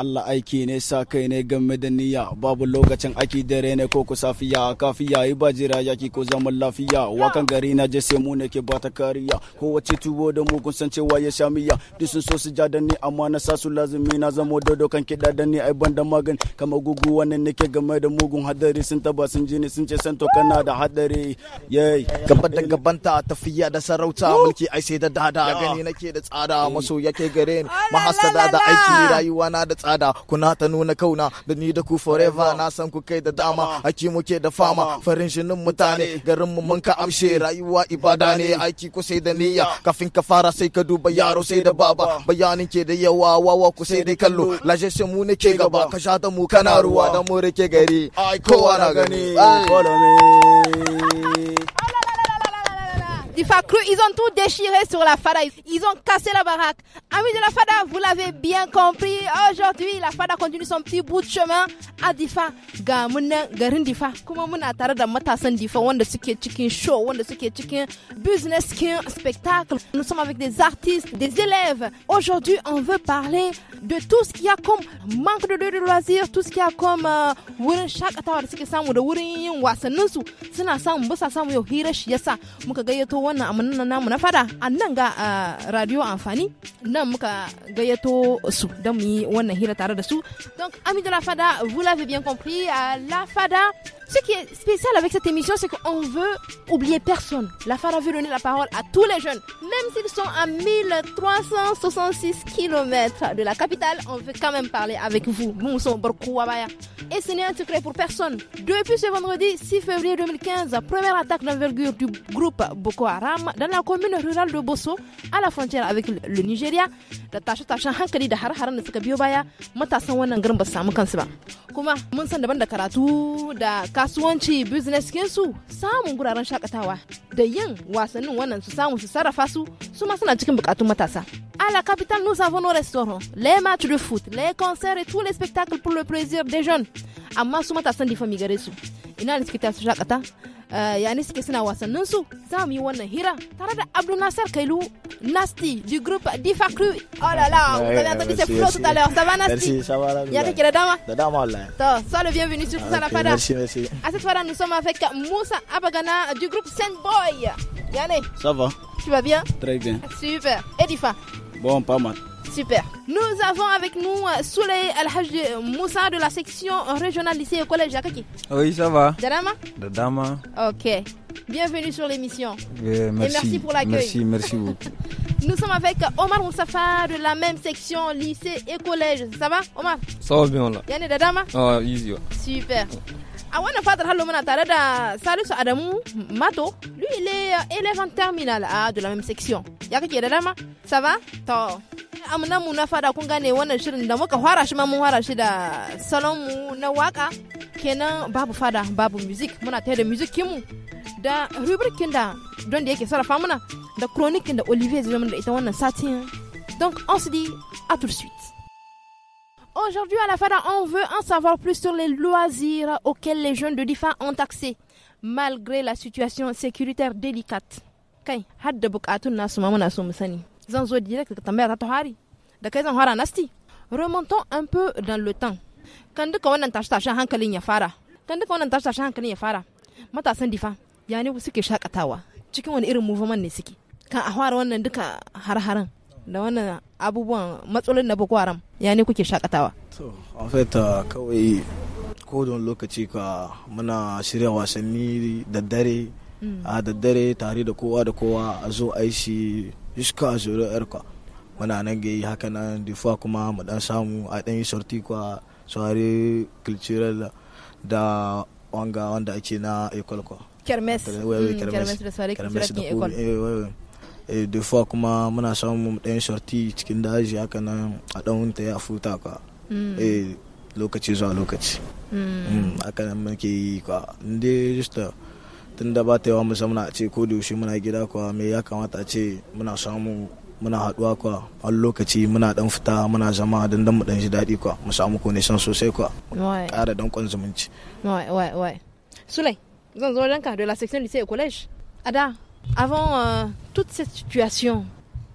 Allah aiki ne sa kai ne game da niyya babu lokacin aiki dare ne ko ku safiya kafiya yi ba jira yaki ko zaman lafiya wakan gari na je sai mu ne ke bata kariya ko wace tuwo da mu kun san cewa ya shamiya miya duk sun so su ja ni amma na sa su lazumi na zama dodo kan ki da ni ai ban da kama gugu wannan nake game da mugun hadari sun taba sun ji ni sun ce san to kana da hadari yay gaba da gabanta tafiya da sarauta mulki ai sai da dada gani nake da tsada maso yake gare ni mahasada da aiki rayuwa na da tsada tsada kuna ta nuna kauna da ni da ku forever na san ku kai da dama aiki muke da fama farin shinin mutane garin mu mun ka amshe rayuwa ibada ne aiki ku sai da niyya kafin ka fara sai ka duba yaro sai da baba bayanin ke da yawa wawa ku sai dai kallo lashe shi mu ne ke gaba ka sha da mu kana ruwa da mu rike gari ai kowa na gani follow me Crew. ils ont tout déchiré sur la Fada. Ils ont cassé la baraque. Amis ah de la Fada, vous l'avez bien compris. Aujourd'hui, la Fada continue son petit bout de chemin à Difa. Ga garin Difa. Kuma muna tare da matasan Difa wanda suke cikin show, wanda suke cikin business, skin, spectacle. Nous sommes avec des artistes, des élèves. Aujourd'hui, on veut parler de tout ce qu'il y a comme manque de, loisirs, tout ce qu'il y a comme euh, wurin a da suke samu da wurin yin wasanninsu. Suna samu, ba sa samu yau hirar shi yasa muka gayyato wannan amanan namu na fada a nan ga radio amfani nan muka gayyato su don mu yi wannan hira tare da su donc ami de la fada vous l'avez bien compris la fada ce qui est spécial avec cette émission, c'est qu'on veut oublier personne. La Fara veut donner la parole à tous les jeunes, même s'ils sont à 1366 km de la capitale, on veut quand même parler avec vous. Et ce n'est un secret pour personne. Depuis ce vendredi 6 février 2015, première attaque d'envergure du groupe Boko Haram dans la commune rurale de Bosso, à la frontière avec le Nigeria kuma mun san daban da karatu da kasuwanci business kinsu samun guraren shakatawa da yin wasannin wannan su samu su sarrafa su su ma suna cikin bukatun matasa À la capitale, nous avons nos restaurants, les matchs de foot, les concerts et tous les spectacles pour le plaisir des jeunes. Amma su matasan difa gare su. Ina ne suke shakata? Eh, yani suke suna wasannin su hira tare da Abdul du groupe Difa oh là ça va nasty. merci là hein? le sur Fada merci merci cette fois nous sommes avec Moussa Abagana du groupe Saint Boy ça va tu vas bien très bien super et bon pas mal Super. Nous avons avec nous euh, Soleil Alhaj euh, Moussa de la section régionale lycée et collège Jakaki. Oui, ça va. Dadama Dadama. Ok. Bienvenue sur l'émission. Eh, merci. Et merci pour l'accueil. Merci, merci beaucoup. Nous sommes avec euh, Omar Moussafa de la même section lycée et collège. Ça va, Omar Ça va bien là. Yanné Dadama Ah, oh, easy. Super. Ah, a wannan fatar hallo muna tare da Adamu Mato, lui il est élève en terminale A ah, de la même section. Ya Dadama Ça va? To amna mu na fada kun gane wannan shirin da muka fara shi ma mun fara shi da salon mu na waka kenan babu fada babu music muna tare da music kinmu da rubrikin da don da yake sarrafa muna da chronic da Olivier zai da ita wannan satin donc on se dit à tout de suite Aujourd'hui à la FADA, on veut en savoir plus sur les loisirs auxquels les jeunes de DIFA ont accès, malgré la situation sécuritaire délicate. kai hadda bukatun nasu ma muna so mu sani zan zo direct ka tambaya ta ta hari da kai zan hara nasti remontons un peu dans le temps kan duka wannan tashi hankalin ya fara kan duka wannan tashi hankalin ya fara matasan difa ya ne suke shakatawa cikin wani irin movement ne suke kan a fara wannan duka har-haren da wannan abubuwan matsalolin na boko haram ya ne kuke shakatawa to en fait euh, kawai don lokaci ka muna shirya wasanni da dare mm. a daddare tare da kowa da kowa a zo a shi iska a zuru yarka muna nan ga yi haka nan difuwa kuma mu dan samu a dan yi sorti kwa soirée culturelle da wanga wanda ake na ekol kwa kermes mm, kermes da soirée culturelle din école eh, eh, da fa kuma muna samun ɗan sorti cikin daji haka nan a dan ta ya futa kwa mm. eh, lokaci zuwa lokaci mm. haka nan muke yi kwa inda just tun da ba ta yawa musamman a ce ko da yaushe muna gida kuwa me ya kamata ce muna samu muna haɗuwa kuwa a lokaci muna dan fita muna zama don dan mu dan ji daɗi kuwa mu samu connection sosai kuwa ƙara dankon zumunci Souley zan zo ka de la section lycée et collège Ada avant euh, toute cette situation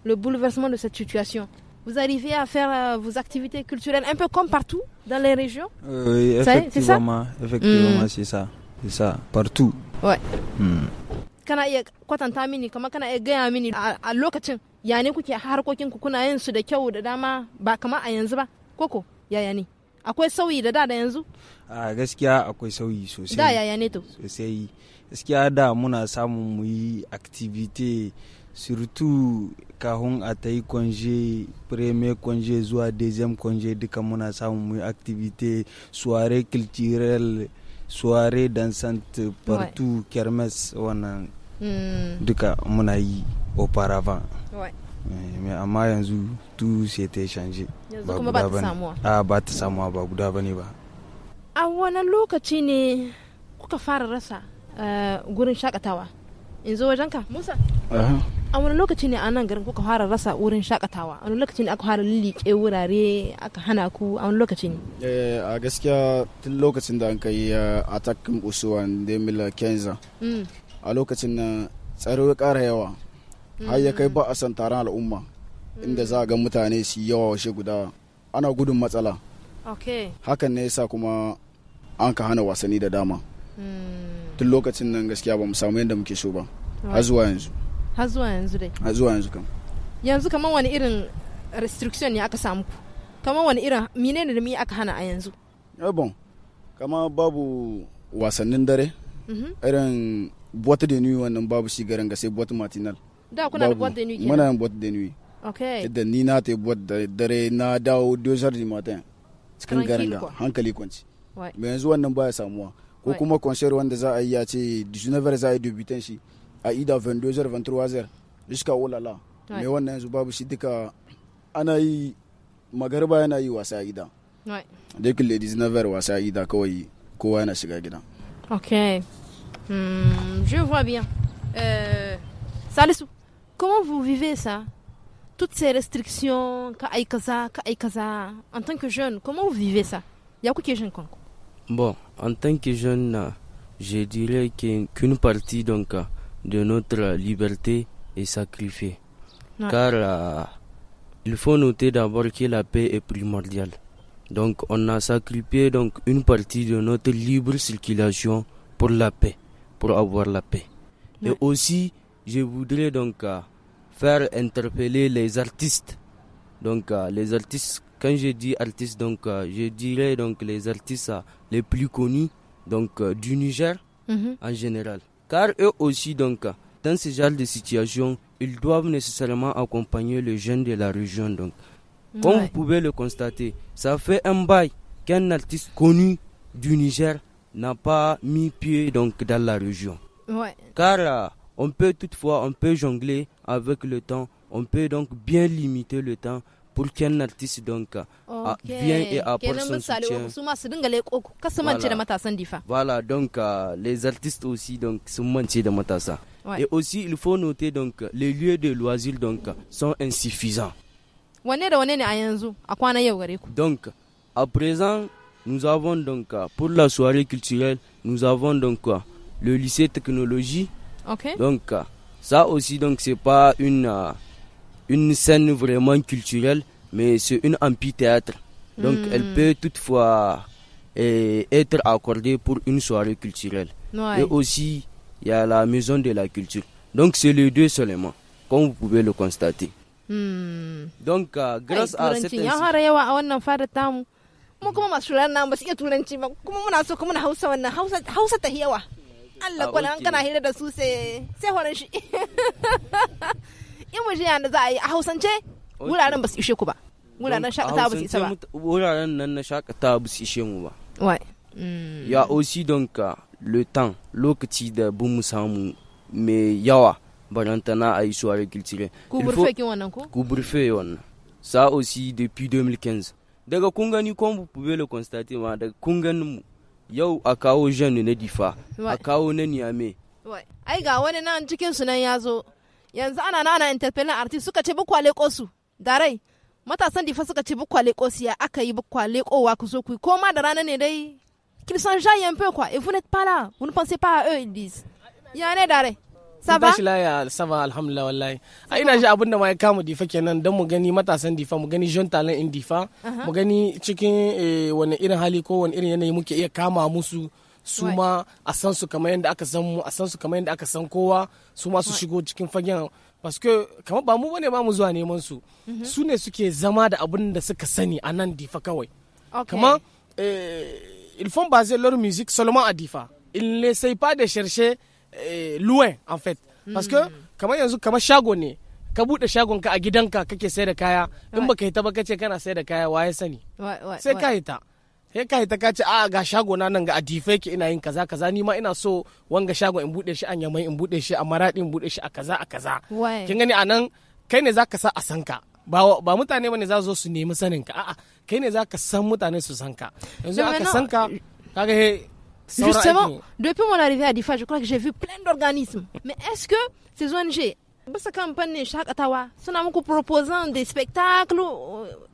le bouleversement de cette situation vous arrivez à faire euh, vos activités culturelles un peu comme partout dans les régions euh, Oui, effectivement, c'est ça, effectivement, mmh. c'est ça. ça, partout ouais. hmm. kana iya kwatanta mini kamar kana iya gaya mini a lokacin ya ne kuke harkokin ku kuna yin su da kyau da dama ba kamar a yanzu ba koko yaya ne akwai sauyi da da da yanzu a gaskiya akwai sauyi sosai da yaya ne to sosai gaskiya da muna samun mu yi activity surtout kahun a ta yi kwanje premier kwanje zuwa deuxième kwanje duka muna samun mu yi activity soirée culturelle soirée dansante partout ouais. kermesse wannan mm. duka muna yi auparavant ouais. Eh, mais amma yanzu tout c'était changé yanzu kuma ba ta samuwa a ah, ba ta samuwa ba guda bane ba a wani lokaci ne kuka fara rasa uh, gurin shakatawa in zo wajenka musa a wani lokaci ne a nan garin kuka fara rasa wurin shakatawa a wani lokaci ne aka fara lillike wurare aka hana ku a wani lokaci ne eh, a gaskiya tun lokacin da an kai eh, atakin usuwa da mila kenza mm. a lokacin na tsaro ya kara yawa har ya kai ba a san taron al'umma inda za a ga mutane su yawa washe guda ana gudun matsala hakan ne yasa kuma an ka hana wasanni da dama tun lokacin nan gaskiya ba mu samu yadda muke so ba har zuwa yanzu har zuwa yanzu dai har zuwa yanzu kam yanzu kamar wani irin restriction ne aka samu ku kamar wani irin ne da mi aka hana a yanzu bon kama babu wasannin dare mhm. irin boîte de nuit wannan babu shi garin ga sai boîte matinal da kuna da boîte de nuit muna yin boîte de nuit okay da ni na ta boîte da dare na dawo 2 heures du matin cikin garin ga hankali kwanci me yanzu wannan baya samuwa ko kuma concert wanda za a yi ya ce 19 h a yi debutan shi a ida 22h 23h jusqu'à olala me wannan yanzu babu shi duka ana yi magarba yana yi wasa gida duk 19h wasa ida kawai kowa yana shiga gida ok hmm, je vois bien euh, salisu comment vous vivez ça toutes ces restrictions ka ay kaza ka ay kaza en tant que jeune comment vous vivez ça Il a ya kuke jin kanku bon en tant que jeune, euh, je dirais qu'une partie donc, euh, de notre liberté est sacrifiée. Car euh, il faut noter d'abord que la paix est primordiale. Donc on a sacrifié donc, une partie de notre libre circulation pour la paix, pour avoir la paix. Et aussi, je voudrais donc faire interpeller les artistes. Donc les artistes quand je dis artistes, donc, euh, je dirais donc les artistes euh, les plus connus donc, euh, du Niger mhm. en général. Car eux aussi, donc, dans ce genre de situation, ils doivent nécessairement accompagner les jeunes de la région. Donc. Comme vous pouvez le constater, ça fait un bail qu'un artiste connu du Niger n'a pas mis pied donc, dans la région. Car on peut toutefois, on peut jongler avec le temps, on peut donc bien limiter le temps pour qu'un artiste donc ah, ah, vienne et apporte son soutien. Voilà, donc ah, les artistes aussi donc sont manchés de matassa. Et aussi il faut noter donc les lieux de loisirs donc sont insuffisants. Donc à présent nous avons donc pour la soirée culturelle nous avons donc le lycée technologie. Donc ça aussi donc c'est pas une une scène vraiment culturelle, mais c'est une amphithéâtre. Donc elle hmm. peut toutefois eh, être accordée pour une soirée culturelle. Et aussi, il y a la maison de la culture. Donc c'est les deux seulement, comme vous pouvez le constater. Hmm. Donc euh, grâce à cette in waje da za a yi a hausance wuraren ba su ishe ku ba wuraren shakatawa ba su isa ba wuraren nan na shakatawa ba su ishe mu ba mm. ya aussi donc le temps lokaci da bin mu samu mai yawa barantana a yi soirée culturelle ku burfe kin wannan ko ku burfe wannan ça aussi depuis 2015 daga kun gani comme vous pouvez le constater ma daga kun ganin mu yau a kawo jeune na difa a kawo na niamey ai ga wani nan cikin su nan ya zo yanzu ana nana interpellin artist suka ce bukwa leko su da rai matasan difa suka ce bukwa leko su ya aka yi bukwa lekowa ku zo ku yi koma da rana ne dai qu'ils sont jaillent un peu quoi et vous n'êtes pas là vous ne pensez pas à eux ils disent ya ne da rai saba va tashi laya ya saba alhamdulillah wallahi a ina ji abun da ma ya kama difa kenan dan mu gani matasan difa mu gani jean talent in difa mu gani cikin eh, wani irin hali ko wani irin yanayi muke iya kama musu su ma a san su kamar yadda aka san mu a san su kamar yadda aka san kowa su ma su shigo cikin fagen paske kamar ba mu bane ba mu zuwa neman su mm-hmm. su ne suke zama da abin da suka sani a nan difa kawai kama eh, ilfon ba baser lori music solomon a difa ils le pas de chercher eh, luwen en fait parce que mm-hmm. kamar yanzu kamar shago ne ka buɗe ka a gidanka kake sai da kaya in baka hita ba kace kana sai da kaya waye sani sai ka hita sai ka ta kace a ah, ga shago na nan ga adife ki ina yin kaza kaza ni ma ina so wanga shago in bude shi an yamai in bude shi a maradi in bude shi a kaza a kaza kin gani anan kai ne zaka sa a sanka ba ba mutane bane za su zo su nemi sanin ka a'a kai ne zaka san mutane su san ka yanzu aka san ka kaga Justement, depuis mon arrivée à Difa, je crois que j'ai vu plein d'organismes. Mais est-ce que ces ONG Basa kan fannin shakatawa suna muku proposal des spectacle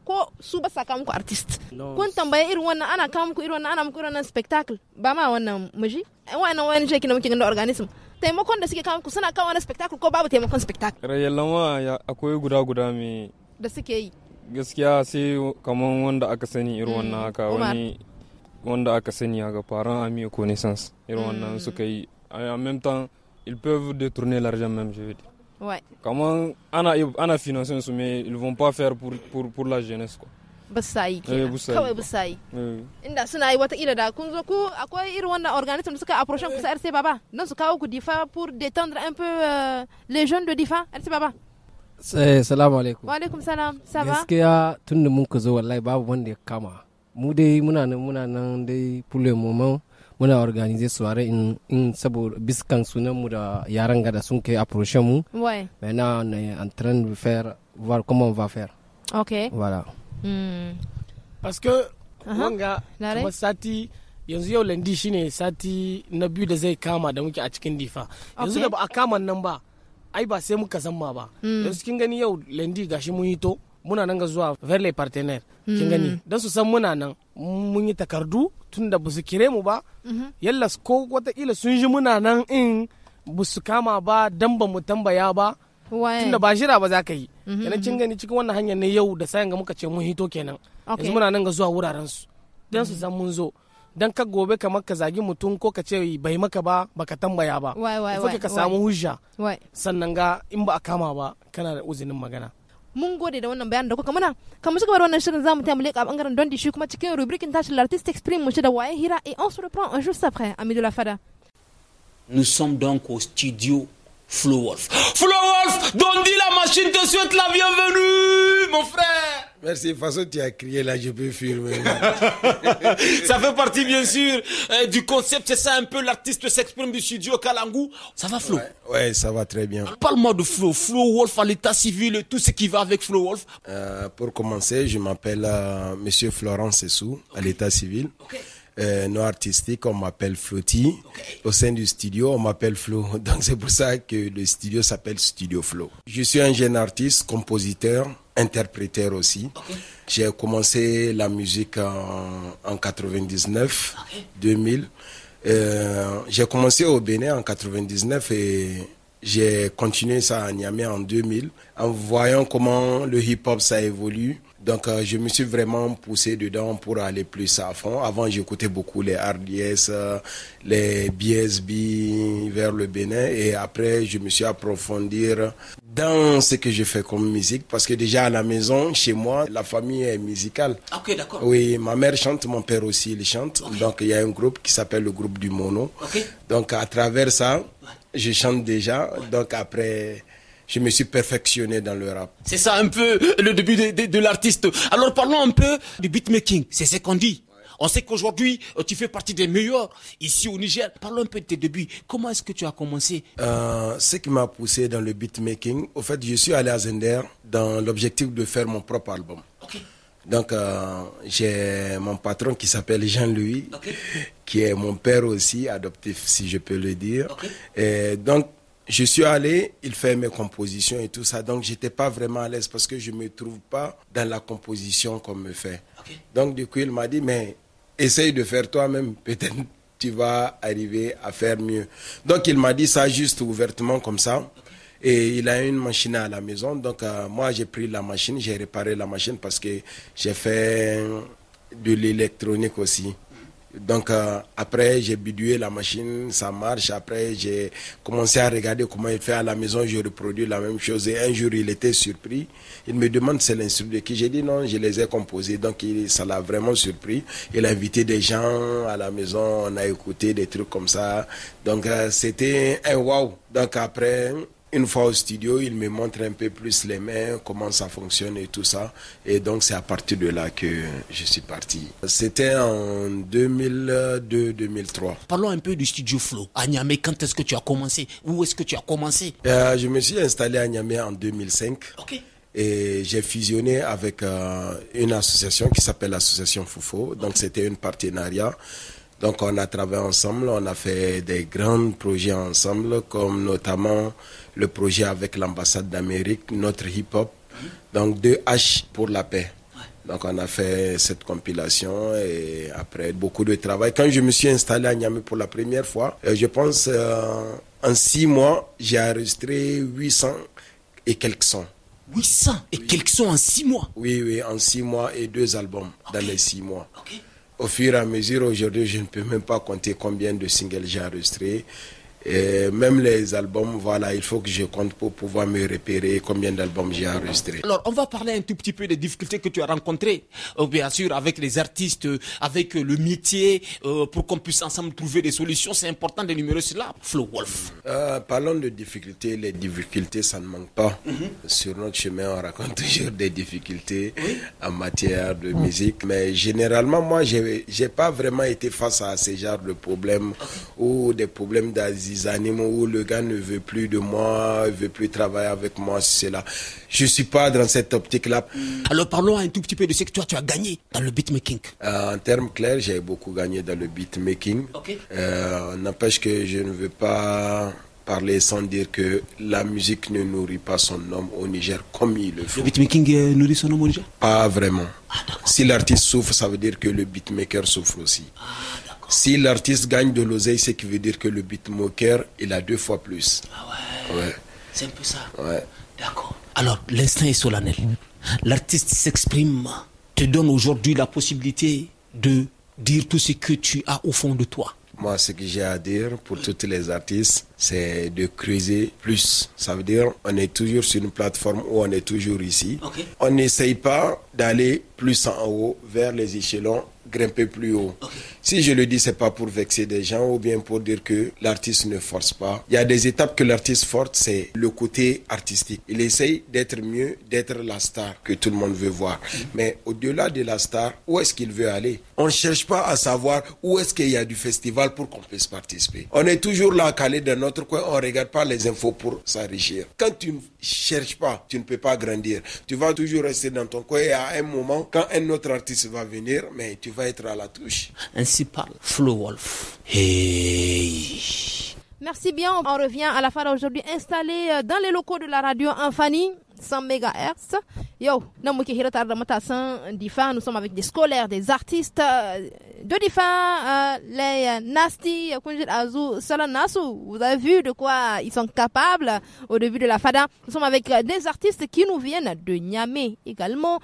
ko su ba sa muku artist. Kun tambaye irin wannan ana kawo muku irin wannan ana muku irin wannan spectacle ba ma wannan miji. Wa'annan wani sheki na muke ganin organism. Taimakon da suke kawo muku suna kawo wani spectacle ko babu taimakon spectacle. Rayyalan wa akwai guda guda me. Da suke yi. Gaskiya sai kaman wanda aka sani irin wannan mm, haka wani wanda aka sani ga faran ami connaissance irin wannan mm. suka yi. En même temps, ils peuvent détourner l'argent même, je veux dire. Ouais. Comment ana ana financé su mais ils vont pas faire pour pour pour la jeunesse quoi. Basai ke. Kawai basai. Inda suna yi wata ira da kun zo ku akwai irin wannan organism da suka approach kusa eh. RC Baba don suka ku difa pour détendre un peu euh, les jeunes de difa RC Baba. Eh salam alaikum. Wa alaikum salam. Ça va? Gaskiya tun da mun ku zo wallahi babu wanda ya kama. Mu dai muna nan muna nan dai pour le moment muna organize soirée in, in saboda biskan sunan mu da yaran gada sun kai approche mu ouais maintenant on est en train de faire voir comment on va faire ok voilà hmm. parce que uh -huh. wanga kuma sati yanzu yau landi shine sati na biyu da zai kama da muke a cikin difa yanzu da ba a kama nan ba ai ba sai muka zamma ba hmm. yanzu kin gani yau landi gashi mun yi to muna nan ga zuwa verle partenaire kin gani mm. don su san muna nan mun yi takardu tun da su kire mu ba mm-hmm. yalla ko watakila sun ji muna nan in su kama ba dan ba mu tambaya ba tun da ba shira ba za ka yi yana mm-hmm, kin mm-hmm. gani cikin wannan hanyar ne yau da sayan ga muka ce mun hito kenan yanzu muna nan ga zuwa wuraren su dan su san mun zo dan ka gobe kamar ka zagi mutum ko ka ce bai maka ba baka tambaya ba ka samu hujja sannan ga in ba a kama ba kana da uzinin magana mun gode da wannan bayanin da kuka mana kamar shiga wannan shirin zamu taya ka bangaren don shi kuma cikin rubrikin tashi l'artiste exprime mu shi da waye hira et on se reprend un jour après ami de la fada nous sommes donc au studio Flow Wolf Flow Wolf Dondi la machine te souhaite la bienvenue mon frère Merci. De toute façon, tu as crié là, je peux filmer. ça fait partie, bien sûr, euh, du concept. C'est ça un peu, l'artiste s'exprime du studio Kalangu. Ça va, Flo ouais, ça va très bien. Parle-moi de Flo. Flo Wolf à l'état civil tout ce qui va avec Flo Wolf. Euh, pour commencer, je m'appelle euh, Monsieur Florence Sessou à l'état civil. Okay. Euh, non artistique, on m'appelle floty Au sein du studio, on m'appelle Flo. Donc c'est pour ça que le studio s'appelle Studio Flo. Je suis un jeune artiste, compositeur, interpréteur aussi. J'ai commencé la musique en, en 99, 2000. Euh, j'ai commencé au Bénin en 99 et j'ai continué ça à Niamey en 2000 en voyant comment le hip-hop ça évolue donc euh, je me suis vraiment poussé dedans pour aller plus à fond. Avant j'écoutais beaucoup les RDS, euh, les BSB vers le Bénin et après je me suis approfondi dans ce que je fais comme musique parce que déjà à la maison, chez moi, la famille est musicale. Ah, ok, d'accord. Oui, ma mère chante, mon père aussi il chante. Donc il y a un groupe qui s'appelle le groupe du mono. Donc à travers ça, je chante déjà. Donc après je me suis perfectionné dans le rap. C'est ça un peu le début de, de, l'artiste. Alors parlons un peu du beatmaking, c'est ce qu'on dit. On sait qu'aujourd'hui, euh, tu fais partie des meilleurs ici au Niger. Parlons un peu de tes débuts. Comment est-ce que tu as commencé euh, Ce qui m'a poussé dans le beatmaking, au fait, je suis allé à Zender dans l'objectif de faire mon propre album. Donc, euh, j'ai mon patron qui s'appelle Jean-Louis, qui est mon père aussi, adoptif, si je peux le dire. Et donc, je suis allé, il fait mes compositions et tout ça, donc j'étais pas vraiment à l'aise parce que je me trouve pas dans la composition qu'on me fait. Donc du coup, il m'a dit, mais essaye de faire toi-même, peut-être tu vas arriver à faire mieux. Donc il m'a dit ça juste ouvertement comme ça. Et il a une machine à la maison, donc euh, moi j'ai pris la machine, j'ai réparé la machine parce que j'ai fait de l'électronique aussi. Donc euh, après, j'ai bidoué la machine, ça marche. Après, j'ai commencé à regarder comment il fait à la maison. Je reproduis la même chose. Et un jour, il était surpris. Il me demande c'est l'instrument de qui. J'ai dit non, je les ai composés. Donc il, ça l'a vraiment surpris. Il a invité des gens à la maison. On a écouté des trucs comme ça. Donc euh, c'était un wow. Donc après, une fois au studio, il me montre un peu plus les mains, comment ça fonctionne et tout ça. Et donc, c'est à partir de là que je suis parti. C'était en 2002-2003. Parlons un peu du studio Flow. À Niamey, quand est-ce que tu as commencé Où est-ce que tu as commencé euh, Je me suis installé à Niamey en 2005. Ok et j'ai fusionné avec euh, une association qui s'appelle l'association Foufo. Donc c'était un partenariat donc on a travaillé ensemble, on a fait des grands projets ensemble, comme notamment le projet avec l'ambassade d'Amérique, notre hip-hop, donc deux h pour la paix. Donc on a fait cette compilation et après beaucoup de travail. Quand je me suis installé à Niamey pour la première fois, euh, je pense euh, en six mois, j'ai enregistré 800 et quelques sons. 800 et quelques sons en six mois Oui, oui, en six mois et deux albums dans les six mois. ok au fur et à mesure, aujourd'hui, je ne peux même pas compter combien de singles j'ai enregistrés même les albums, voilà, il faut que je compte pour pouvoir me repérer combien d'albums j'ai enregistrés. Alors, on va parler un tout petit peu des difficultés que tu as rencontrées, euh, bien sûr, avec les artistes, euh, avec euh, le métier, pour qu'on puisse ensemble trouver des solutions. C'est important de d'énumérer cela, Flo Wolf. parlons de difficultés. Les difficultés, ça ne manque pas. Mhm. Sur notre chemin, on raconte toujours des difficultés en matière de musique. Mais généralement, moi, je n'ai pas vraiment été face à ces genres de problèmes ou des problèmes d'asile animaux où le gars ne veut plus de moi, il veut plus travailler avec moi, c'est là. Je suis pas dans cette optique-là. Alors parlons un tout petit peu de ce que toi tu as gagné dans le beatmaking. making euh, en termes clairs, j'ai beaucoup gagné dans le beatmaking. making euh, N'empêche que je ne veux pas parler sans dire que la musique ne nourrit pas son homme au Niger comme il le fait Le beatmaking euh, nourrit son homme au Niger Pas vraiment. Ah, si l'artiste souffre, ça veut dire que le beatmaker souffre aussi. Ah, si l'artiste gagne de l'oseille, c'est qui veut dire que le beatmaker, il a deux fois plus. Ah ouais. C'est un peu ça. Ouais. D'accord. Alors, l'instinct est solennel. L'artiste s'exprime, te donne aujourd'hui la possibilité de dire tout ce que tu as au fond de toi. Moi, ce que j'ai à dire pour tous les artistes, c'est de creuser plus. Ça veut dire, on est toujours sur une plateforme où on est toujours ici. On n'essaye pas d'aller plus en haut vers les échelons grimper plus haut. Si je le dis, c'est pas pour vexer des gens ou bien pour dire que l'artiste ne force pas. Il y a des étapes que l'artiste force, c'est le côté artistique. Il essaye d'être mieux, d'être la star que tout le monde veut voir. Mhm. Mais au-delà de la star, où est-ce qu'il veut aller On ne cherche pas à savoir où est-ce qu'il y a du festival pour qu'on puisse participer. On est toujours là, calé dans notre coin, on regarde pas les infos pour s'enrichir. Quand tu ne cherches pas, tu ne peux pas grandir. Tu vas toujours rester dans ton coin et à un moment, quand un autre artiste va venir, mais tu vas être à la touche. Ainsi parle Flo Wolf. Hey. Merci bien, on revient à la FADA aujourd'hui installée euh, dans les locaux de la radio Infani. 100 MHz. Yo, nous sommes avec des scolaires, des artistes euh, de Difa, euh, les Nasty, Azu, Salanasu. Vous avez vu de quoi ils sont capables au début de la FADA. Nous sommes avec des artistes qui nous viennent de Niamey également.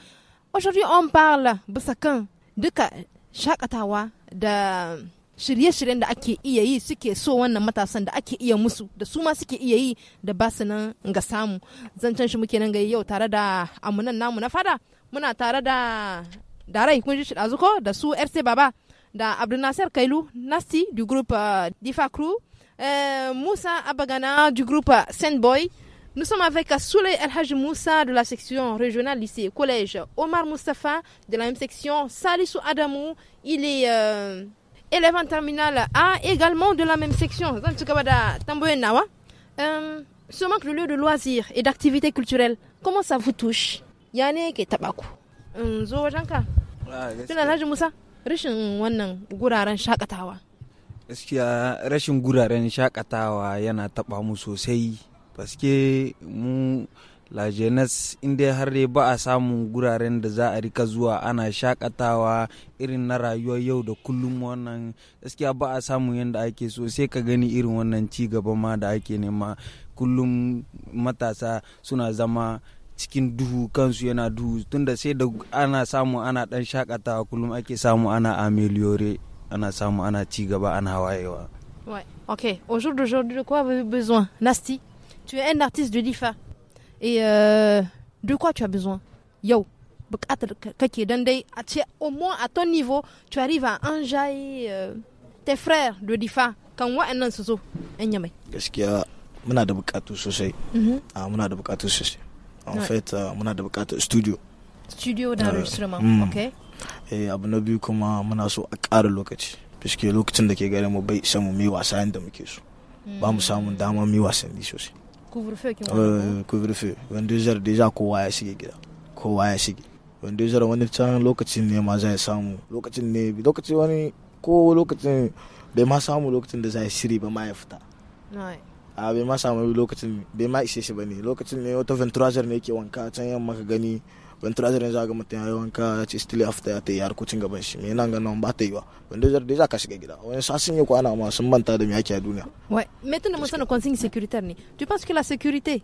Aujourd'hui, on parle de Sakan duka shakatawa da shirye-shiryen da ake iya yi suke so wannan matasan da ake iya musu da su ma suke iya yi da ba su nan ga samu zancen shi muke nan ga yau tare da amunan namu na fada muna tare da darai kun shi ko da su rc baba da abdulnasir kailu nasti du group uh, difa crew eh, musa abagana du group sandboy boy Nous sommes avec Souley El Moussa de la section régionale lycée collège, Omar Mustafa de la même section, Salissou Adamou, il est euh, élève en terminale A également de la même section. Euh, ce manque de lieu de loisirs et d'activités culturelles, comment ça vous touche Yannick et Tabakou. Moussa, gaskiya rashin guraren shakatawa yana taba mu sosai paske mu la jeunesse inda har dai ba a samun guraren da za a rika zuwa ana shakatawa irin na rayuwar yau da kullum wannan gaskiya ba a samun yadda ake so sai ka gani irin wannan ma da ake nema kullum matasa suna zama cikin duhu kansu yana duhu tunda sai da ana samu ana dan shakatawa kullum ake samu ana ameliore ana samu ana ci ana wayewa. Ouais. Ok, au jour de quoi avez besoin Nasty tu es un artiste de Difa Et euh, de quoi tu as besoin Yo ah, au moins à ton niveau, tu arrives à enjailler euh, tes frères de Difa Quand on un soso, Qu'est-ce qu'il y a Muna da bukatu sosai. Mhm. Ah, muna da bukatu sosai. En fait, muna euh, da bukatu studio. Studio euh, d'enregistrement, hmm. ok. Et abu na kuma muna so a ƙara lokaci. Puisque lokacin da ke gare mu bai isa mu mi wasa yadda muke Ba mu dama mi wasanni sosai. couvre-feu kin wani euh, couvre-feu wanda jar deja kowa ya shige gida kowa ya shige 22 jar wani can lokacin ne ma zai samu lokacin ne bi lokacin wani ko lokacin bai ma samu lokacin da zai shiri ba ma ya fita a bai ma samu lokacin bai ma ishe shi ba ne lokacin ne wata ventura ne ke wanka can yamma ka gani ban tura zarin za ga mutum ya yi wanka ya ce still after ya ta yi harkocin gaban shi me nan ganin ba ta yi ba 22 da zai za ka shiga gida wani sasin ya kwana ma sun manta da me yake a duniya. wai metin da musamman consigne sécuritaire ne tu penses que la sécurité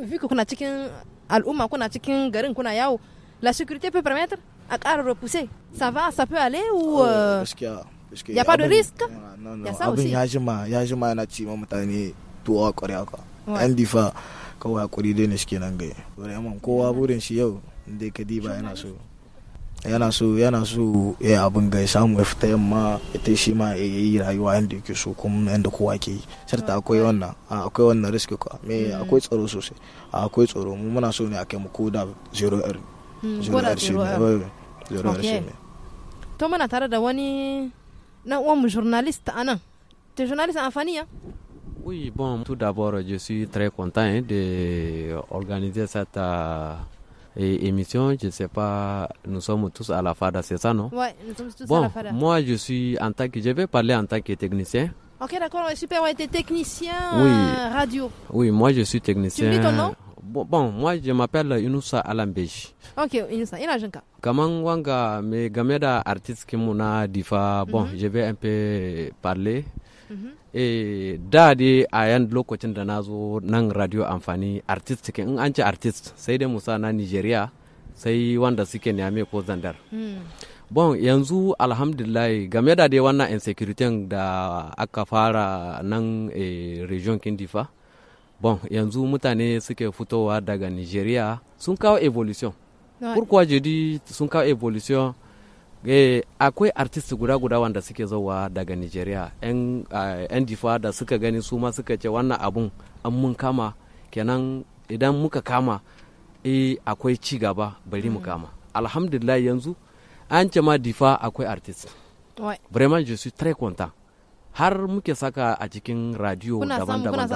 vu que kuna cikin al'umma kuna cikin garin kuna yawo la sécurité peut permettre à ƙara repousser ça va ça peut aller ou oh, euh... il y a pas de risque il y a ça aussi ya jima ya jima yana ci ma mutane tuwa ƙwarya ka yan difa kawai hakuri dai ne shi kenan gaya kowa burin shi yau da ka diba yana so yana so yana so ya abin ga samu ya fita yamma ya ta shi ma ya yi rayuwa yadda yake so kuma yadda kowa ke yi sarta akwai wannan akwai wannan risk ko me hmm. akwai tsaro sosai akwai tsaro mu muna so ne a kai mu koda 0r 0r shi ne 0r shi ne to muna tare da wani dan uwan mu journalist anan te journalist amfani ya Oui, bon, tout d'abord, je suis très content de organiser cette euh, et émission, je ne sais pas, nous sommes tous à la FADA, c'est ça, non Oui, nous sommes tous à la FADA. Moi, je suis en tant que, je vais parler en tant que technicien. Ok, d'accord, super, on était technicien euh, radio. Oui, moi, je suis technicien. Tu dis ton nom bon, moi, je m'appelle Inusa Alambeji. Ok, Inoussa, il a un Comment Wanga, mais Gameda, artiste qui m'ont dit, difa, bon, mhm. je vais un peu parler. Mhm. eh da dai a yan lokacin da na zo nan radio amfani artist in an ce artist sai dai musa na nigeria sai wanda suke nyame ko zandar hmm. bon yanzu alhamdulillah game da dai wannan insecurity da aka fara nan eh, region kindifa bon yanzu mutane suke fitowa daga nigeria sun kawo evolution pourquoi kurkuwa jedi sun kawo evolution Eh, akwai artist guda guda wanda suke zauwa daga nigeria yan difa eh, da suka gani su ma suka ce wannan abun an mun kama kenan idan muka kama e akwai ci gaba bari mu mm. kama alhamdulillah yanzu an ce ma difa akwai artist vraiment je suis très content har muke saka a cikin radio daban-daban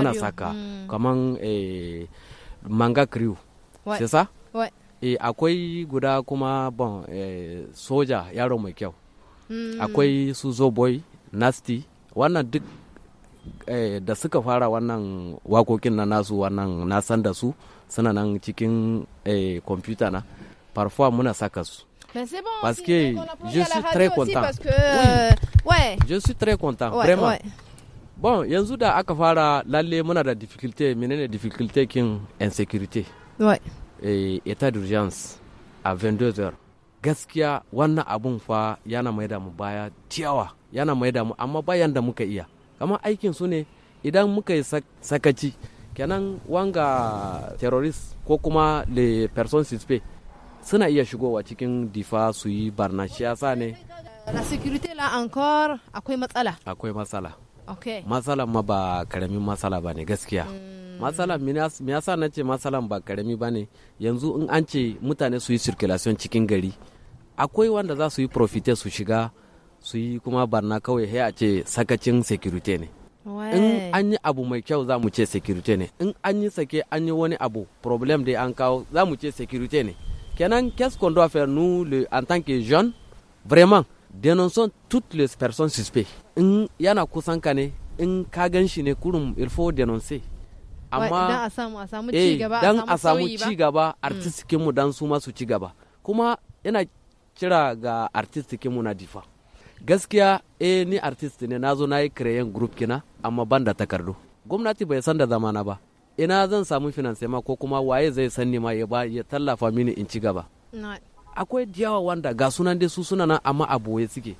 muna saka mm. kaman manga crew sai sa e akwai guda kuma bon eh, soja yaro mai kyau hmm. akwai su boy nasty wannan duk eh, da suka fara wannan wakokin na nasu wannan na san da su suna nan cikin computer eh, na parfois muna saka su parce que je suis très content oui. Euh, ouais je suis très content vraiment bon yanzu da aka fara lalle muna da difficulté menene difficulté kin insécurité ouais état eh, d'urgence a 22h gaskiya wannan abun fa yana maida mu baya ciyawa yana maida mu amma bayan da muka iya kaman aikin su ne idan muka yi sakaci kenan wanga terrorist ko kuma le person suspe suna iya shigowa cikin difa su yi barna shi yasa ne la sécurité la encore akwai matsala akwai matsala okay. matsala ma ba karamin matsala ba ne gaskiya hmm. matsala me yasa na ce matsalan ba karami ba ne yanzu in an ce mutane su yi circulation cikin gari akwai wanda za su yi profite su shiga su yi kuma barna kawai he a ce sakacin security ne in an yi abu mai kyau za mu ce security ne in an yi sake an yi wani abu problem da an kawo za mu ce security ne kenan qu'est-ce qu'on doit nous le, en tant que jeune vraiment dénonçons toutes les personnes suspectes in yana kusan ka ne in ka gan shi ne kurum il faut dénoncer amma dan a samu ci gaba artistikin dan su masu su ci gaba kuma ina kira ga artistikinmu na difa gaskiya e ni artist ne nazo na yi kreyen group kina amma ban da takardu gwamnati bai san da zamana ba ina zan samu finance ma ko kuma waye zai san ni ma ya ba ya tallafa mini in ci gaba akwai diyawa wanda ga sunan dai su suna amma a boye suke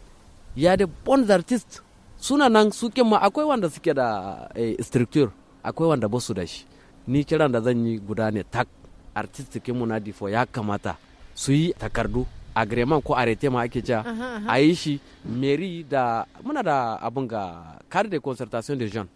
ya da bond artist suna nan su ma akwai wanda suke da eh, structure akwai wanda ba su da shi ni kiran da zan yi guda ne tak artistikin difo ya kamata su yi takardu agreement ko arete ma ake cewa a yi shi meri da muna da abin ga carte de concertation de jeunes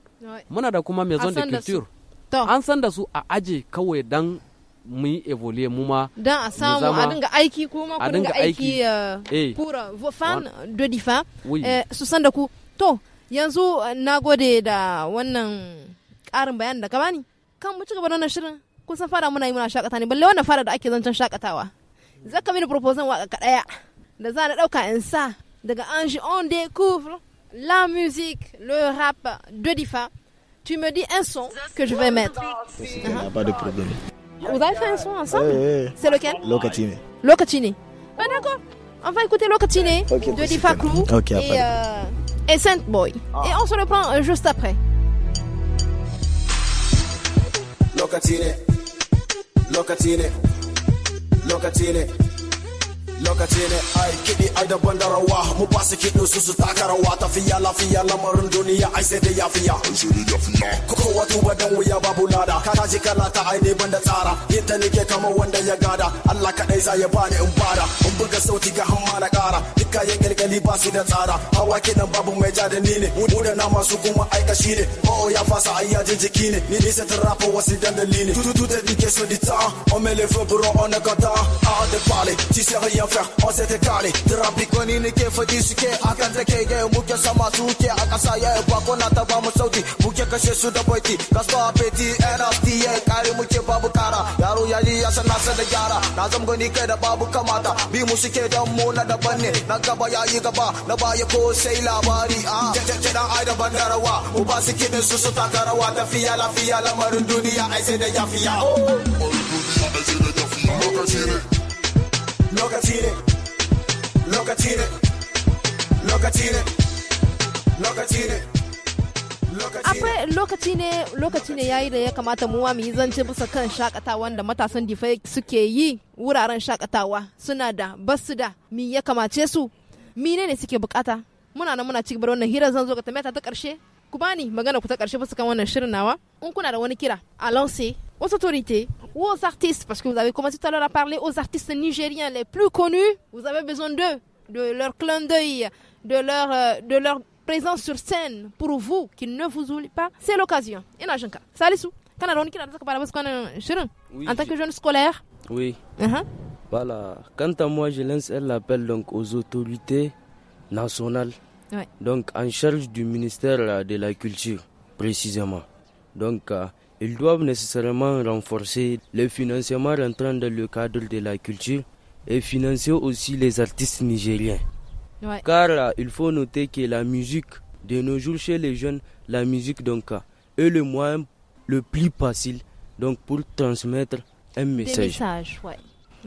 muna da kuma maison de culture an san da su a aje kawai dan mu yi evole mu ma dan a samu a dinga aiki kuma ku dinga aiki eh, eh. pour euh, fan de difa eh, su san da ku to yanzu na gode da wannan ƙarin bayanin da ka bani kan mu ci gaba da wannan shirin kun san fara muna yi muna shakata ne balle wannan fara da ake zancen shakatawa za mini proposal waka ka daya da za na dauka in sa daga ange on découvre la musique le rap de difa tu me dis un son que je vais mettre il n'y a pas de problème vous avez fait un son ensemble oui, oui. c'est lequel Locatine Locatine ah d'accord on va écouter Locatine okay, de Difa Crew okay, et, euh, et Saint Boy et on se reprend euh, juste après Locatine, Locatine, Locatine lokaci ne ai kiɗi ai daban da rawa mu ba su kiɗin su su taka rawa tafiya lafiya lamarin duniya ai sai da yafiya kowa tuba dan wuya babu lada ka taji kala ta ai ban da tsara yin ta nike wanda ya gada Allah kaɗai za ya bani in bara in buga sauti ga hamma na ƙara duka ya galgali ba su da tsara hawa kiɗan babu mai ja da ni ne mu da na masu kuma ai kashi ne oh ya fasa ai ya ji jiki ne ni nisa ta rafa wasu dandali ne tututu da dike so di ta on me le feu pour on ne de pale si c'est rien ينفخ وسيتك علي ترابي كونيني كيف ديسكي أكن تركي موكي سما سوكي أكسا يا باكونا تبا مسوتي موكي كشي سودا بويتي كسبا بيتي أنا ستي كاري موكي بابو كارا يارو ياري ياسن ناسا دا يارا نازم غني كيدا بابو كماتا بي موسيكي دا مونا دا بني نغبا يا يغبا نبا يكو سيلا باري آه جدا عيدا بندروا وباسي كيدا سوسو تاكروا تفيا لا فيا لمرن دنيا أي سيدا يا فيا أول بوكي أي سيدا lokaci ne ya yi da ya kamata mu mu yi zance bisa kan shakatawa da matasan difa suke yi wuraren shakatawa suna da basu da mi ya kamace su mine ne suke bukata muna nan muna cikin wannan hira zan zo ga tambayata ta karshe ku bani magana ku ta karshe bisa kan wannan shirin nawa in kuna da wani kira a wasu turite aux artistes, parce que vous avez commencé tout à l'heure à parler aux artistes nigériens les plus connus, vous avez besoin d'eux, de leur clin d'œil, de leur, euh, de leur présence sur scène pour vous, qui ne vous oublient pas. C'est l'occasion. Et en tant que jeune scolaire. Oui. Uh-huh. Voilà. Quant à moi, je lance l'appel donc aux autorités nationales, donc en charge du ministère euh, de la Culture, précisément. Donc, euh, ils doivent nécessairement renforcer le financement rentrant dans le cadre de la culture et financer aussi les artistes nigériens. Car euh, il faut noter que la musique, de nos jours chez les jeunes, la musique donc euh, est le moyen le plus facile donc pour transmettre un message. Des messages, ouais.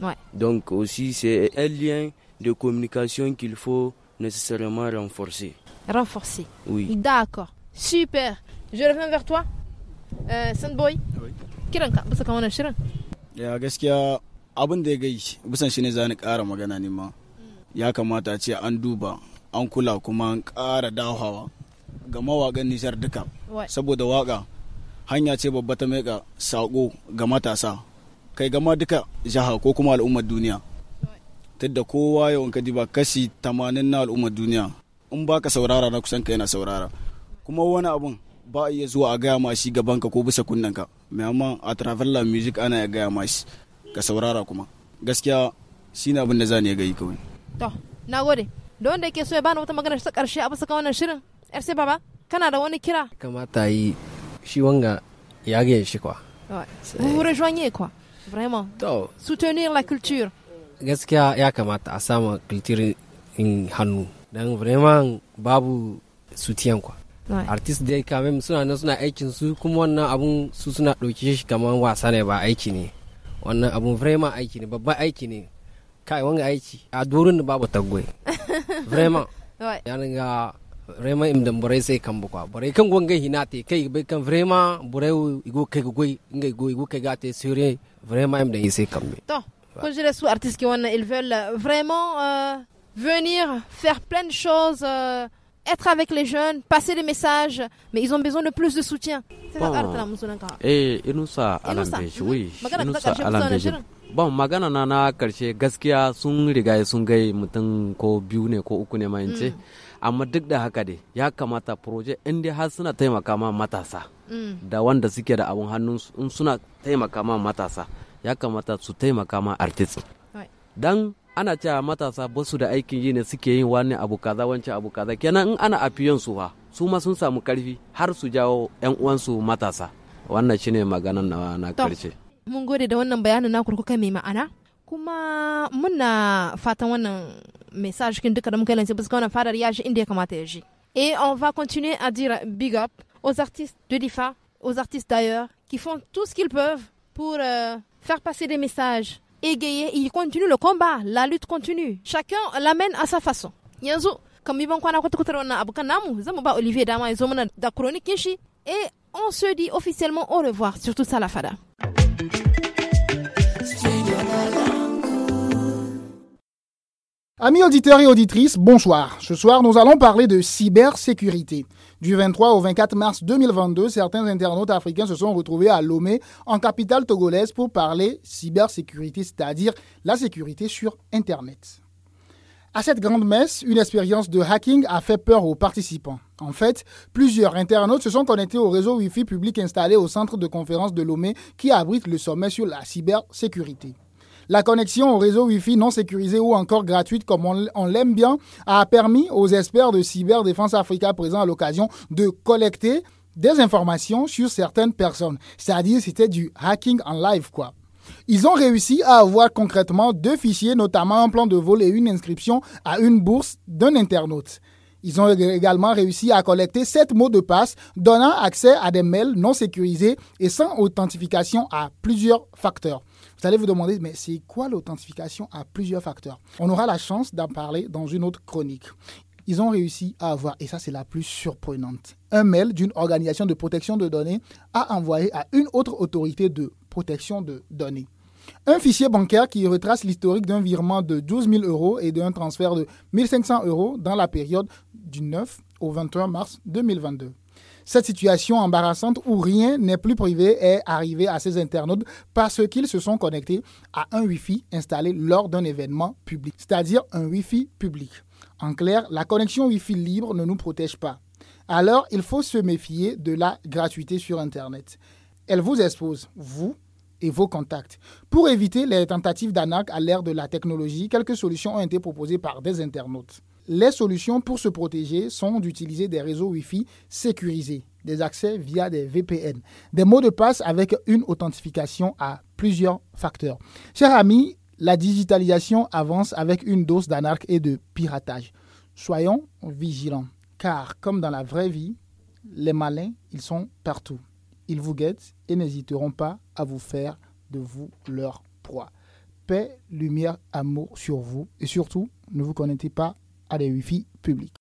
Ouais. Donc aussi, c'est un lien de communication qu'il faut nécessairement renforcer. Renforcer. Oui. D'accord. Super. Je reviens vers toi. Eh, sun boy kiranka bisa kan shirin ya gaskiya abin da ya gai bisan shi ne za ni ƙara magana ne ma ya kamata ce an duba an kula kuma an ƙara dahawa ga mawaƙan nijar duka saboda waƙa hanya ce babba ta meka saƙo ga matasa kai gama duka jiha ko kuma al'ummar duniya tadda kowa ya ka diba kashi tamanin na al'ummar duniya in baka saurara na kusan ka yana saurara kuma wani abun ba a iya zuwa a gaya ma shi gaban ka ko bisa kunnen ka mai amma a travel la music ana ya gaya ma shi ka saurara kuma gaskiya shi ne abin da zan ya gayi kawai to gode da wanda yake so ya bani wata magana ta karshe a bisa kan wannan shirin yar sai baba kana da wani kira kamata yi shi wanga ya ga shi kwa vous rejoignez kwa vraiment to soutenir la culture gaskiya ya kamata a samu culture in hannu dan vraiment babu sutiyan kwa artist dai kamin suna nan suna aikin su kuma wannan abun su suna ɗauke shi kamar wasa ne ba aiki ne wannan abun vraiment aiki ne babban aiki ne kai wanga aiki a durin da babu tagwai vraiment ya ringa vraiment im dan bore sai kan bukwa bore kan gonga te kai bai kan vraiment bore igo kai goi ngai go igo kai gate sure vraiment im dan sai kan to kun jira su artist ki wannan ils veulent vraiment euh, venir faire plein de choses euh, être avec les jeunes, passer des messages, mais ils ont besoin de plus de soutien. Bon. Eh, Inusa Alambeji, mhm. oui. Bon, magana na na karshe gaskiya sun riga sun gai mutum ko biyu ne ko uku ne ma ce. Mm. Amma duk da haka dai ya kamata proje in dai har suna taimaka ma matasa mm. da wanda suke da abun hannun in suna taimaka ma matasa ya kamata su taimaka ma artist. Dan ana ce matasa basu da aikin yi ne suke yin wani abu kaza wancan abu kaza kenan in ana afiyan su fa su ma sun samu karfi har su jawo yan uwansu matasa wannan shine maganan na na karshe mun gode da wannan bayanin na kurkuka mai ma'ana kuma muna fatan wannan message kin duka da muka lanci bisa wannan fadar ya shi inda ya kamata ya shi et on va continuer à dire big up aux artistes de l'IFA aux artistes d'ailleurs qui font tout ce qu'ils peuvent pour euh, faire passer des messages Et gayé, il continue le combat, la lutte continue. Chacun l'amène à sa façon. comme Olivier Dama et da et on se dit officiellement au revoir, surtout ça la fada. Amis auditeurs et auditrices, bonsoir. Ce soir, nous allons parler de cybersécurité. Du 23 au 24 mars 2022, certains internautes africains se sont retrouvés à Lomé, en capitale togolaise, pour parler cybersécurité, c'est-à-dire la sécurité sur Internet. À cette grande messe, une expérience de hacking a fait peur aux participants. En fait, plusieurs internautes se sont connectés au réseau Wi-Fi public installé au centre de conférence de Lomé qui abrite le sommet sur la cybersécurité. La connexion au réseau Wi-Fi non sécurisé ou encore gratuite, comme on, l'aime bien, a permis aux experts de Cyberdéfense Africa présents à l'occasion de collecter des informations sur certaines personnes. C'est-à-dire, c'était du hacking en live, quoi. Ils ont réussi à avoir concrètement deux fichiers, notamment un plan de vol et une inscription à une bourse d'un internaute. Ils ont également réussi à collecter sept mots de passe donnant accès à des mails non sécurisés et sans authentification à plusieurs facteurs. Vous allez vous demander, mais c'est quoi l'authentification à plusieurs facteurs On aura la chance d'en parler dans une autre chronique. Ils ont réussi à avoir, et ça c'est la plus surprenante, un mail d'une organisation de protection de données à envoyer à une autre autorité de protection de données. Un fichier bancaire qui retrace l'historique d'un virement de 12 000 euros et d'un transfert de 1 500 euros dans la période du 9 au 21 mars 2022. Cette situation embarrassante où rien n'est plus privé est arrivée à ces internautes parce qu'ils se sont connectés à un Wi-Fi installé lors d'un événement public, c'est-à-dire un Wi-Fi public. En clair, la connexion Wi-Fi libre ne nous protège pas. Alors, il faut se méfier de la gratuité sur Internet. Elle vous expose, vous, et vos contacts. Pour éviter les tentatives d'arnaque à l'ère de la technologie, quelques solutions ont été proposées par des internautes. Les solutions pour se protéger sont d'utiliser des réseaux Wi-Fi sécurisés, des accès via des VPN, des mots de passe avec une authentification à plusieurs facteurs. Chers amis, la digitalisation avance avec une dose d'anarchie et de piratage. Soyons vigilants, car comme dans la vraie vie, les malins, ils sont partout. Ils vous guettent et n'hésiteront pas à vous faire de vous leur proie. Paix, lumière, amour sur vous et surtout, ne vous connectez pas à des Wi-Fi publics.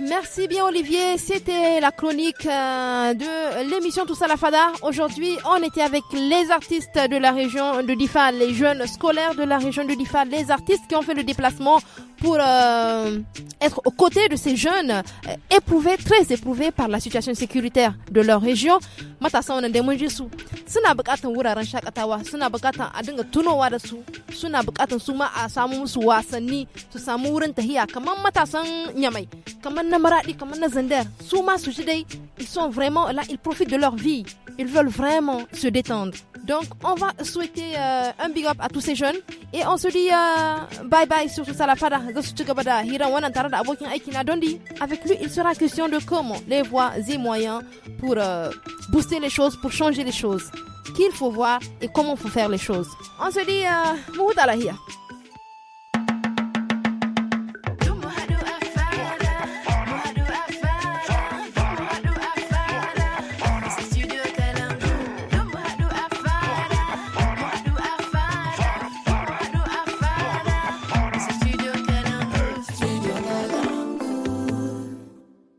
Merci bien Olivier, c'était la chronique euh, de l'émission Tout la Fada. Aujourd'hui, on était avec les artistes de la région de Difa, les jeunes scolaires de la région de Difa, les artistes qui ont fait le déplacement pour euh, être aux côtés de ces jeunes euh, éprouvés, très éprouvés par la situation sécuritaire de leur région. matasan wannan da mun ji su suna bukatan wuraren shakatawa, suna bukatan a dinga tunowa da su, suna bukatan su ma a samu musu wasanni, su samu wurin tahiya kamar matasan yamai, kamar na maradi, kamar na zandar. Su ma su ji dai, ils sont vraiment là, ils profitent de leur vie. Ils veulent vraiment se détendre. Donc, on va souhaiter euh, un big up à tous ces jeunes. Et on se dit euh, bye bye sur Salafada. Avec lui, il sera question de comment les voies et moyens pour euh, booster les choses, pour changer les choses. Qu'il faut voir et comment faut faire les choses. On se dit, euh,